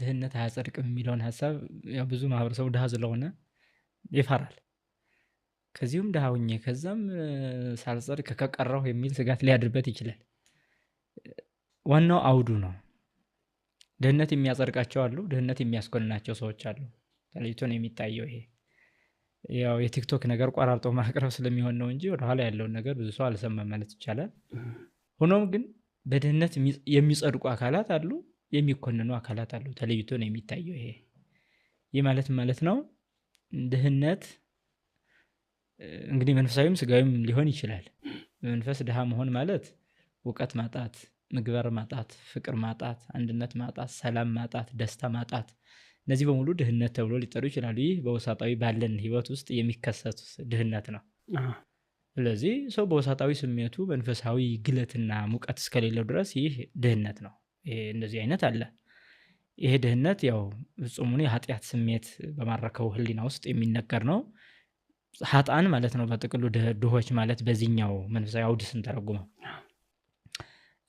ድህነት አያጸድቅም የሚለውን ሀሳብ ያው ብዙ ማህበረሰቡ ድሃ ስለሆነ ይፈራል። ከዚሁም ድሃ ሁኜ ከዛም ሳልጸድቅ ከቀረሁ የሚል ስጋት ሊያድርበት ይችላል። ዋናው አውዱ ነው። ድህነት የሚያጸድቃቸው አሉ፣ ድህነት የሚያስኮንናቸው ሰዎች አሉ። ተለይቶ ነው የሚታየው። ይሄ ያው የቲክቶክ ነገር ቆራርጦ ማቅረብ ስለሚሆን ነው እንጂ ወደኋላ ያለውን ነገር ብዙ ሰው አልሰማም ማለት ይቻላል። ሆኖም ግን በድህነት የሚጸድቁ አካላት አሉ። የሚኮንኑ አካላት አሉ። ተለይቶ ነው የሚታየው። ይሄ ይህ ማለት ማለት ነው ድህነት እንግዲህ መንፈሳዊም ስጋዊም ሊሆን ይችላል። በመንፈስ ድሃ መሆን ማለት እውቀት ማጣት፣ ምግባር ማጣት፣ ፍቅር ማጣት፣ አንድነት ማጣት፣ ሰላም ማጣት፣ ደስታ ማጣት፣ እነዚህ በሙሉ ድህነት ተብሎ ሊጠሩ ይችላሉ። ይህ በውሳጣዊ ባለን ህይወት ውስጥ የሚከሰት ድህነት ነው። ስለዚህ ሰው በውሳጣዊ ስሜቱ መንፈሳዊ ግለትና ሙቀት እስከሌለው ድረስ ይህ ድህነት ነው። እንደዚህ አይነት አለ። ይሄ ድህነት ያው ፍጹሙን የኃጢአት ስሜት በማረከው ህሊና ውስጥ የሚነገር ነው። ሀጣን ማለት ነው በጥቅሉ ድሆች ማለት በዚህኛው መንፈሳዊ አውድ ስንተረጉመው።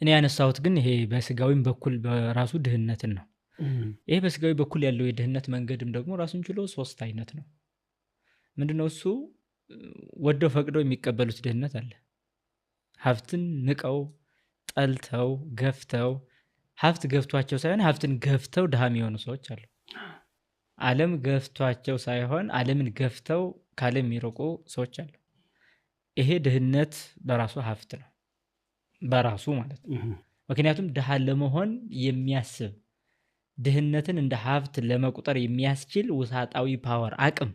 እኔ ያነሳሁት ግን ይሄ በስጋዊም በኩል በራሱ ድህነትን ነው። ይሄ በስጋዊ በኩል ያለው የድህነት መንገድም ደግሞ ራሱን ችሎ ሶስት አይነት ነው። ምንድነው እሱ? ወደው ፈቅደው የሚቀበሉት ድህነት አለ። ሀብትን ንቀው ጠልተው ገፍተው ሀብት ገፍቷቸው ሳይሆን ሀብትን ገፍተው ድሃ የሚሆኑ ሰዎች አሉ። ዓለም ገፍቷቸው ሳይሆን ዓለምን ገፍተው ከዓለም የሚርቁ ሰዎች አሉ። ይሄ ድህነት በራሱ ሀብት ነው፣ በራሱ ማለት ነው። ምክንያቱም ድሃ ለመሆን የሚያስብ ድህነትን እንደ ሀብት ለመቁጠር የሚያስችል ውሳጣዊ ፓወር አቅም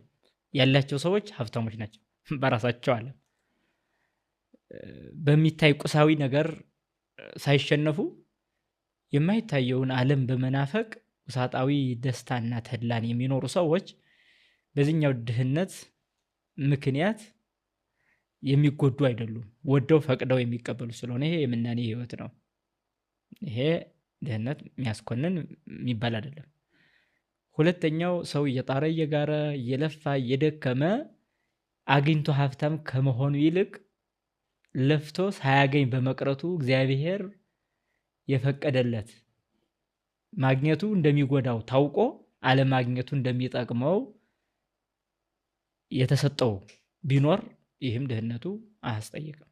ያላቸው ሰዎች ሀብታሞች ናቸው በራሳቸው ዓለም በሚታይ ቁሳዊ ነገር ሳይሸነፉ የማይታየውን ዓለም በመናፈቅ ውሳጣዊ ደስታና ተድላን የሚኖሩ ሰዎች በዚህኛው ድህነት ምክንያት የሚጎዱ አይደሉም። ወደው ፈቅደው የሚቀበሉ ስለሆነ ይሄ የምናኔ ህይወት ነው። ይሄ ድህነት የሚያስኮንን የሚባል አይደለም። ሁለተኛው ሰው እየጣረ እየጋረ እየለፋ እየደከመ አግኝቶ ሀብታም ከመሆኑ ይልቅ ለፍቶ ሳያገኝ በመቅረቱ እግዚአብሔር የፈቀደለት ማግኘቱ እንደሚጎዳው ታውቆ አለማግኘቱ እንደሚጠቅመው የተሰጠው ቢኖር ይህም ድህነቱ አያስጠይቅም።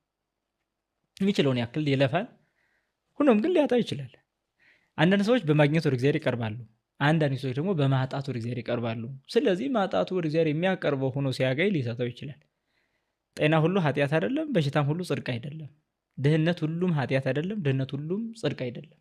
የሚችለውን ያክል ይለፋል። ሁኖም ግን ሊያጣ ይችላል። አንዳንድ ሰዎች በማግኘት ወደ እግዚአብሔር ይቀርባሉ። አንዳንድ ሰዎች ደግሞ በማጣት ወደ እግዚአብሔር ይቀርባሉ። ስለዚህ ማጣቱ ወደ እግዚአብሔር የሚያቀርበው ሆኖ ሲያገኝ ሊሰጠው ይችላል። ጤና ሁሉ ኃጢአት አይደለም፣ በሽታም ሁሉ ጽድቅ አይደለም። ድህነት ሁሉም ኃጢአት አይደለም። ድህነት ሁሉም ጽድቅ አይደለም።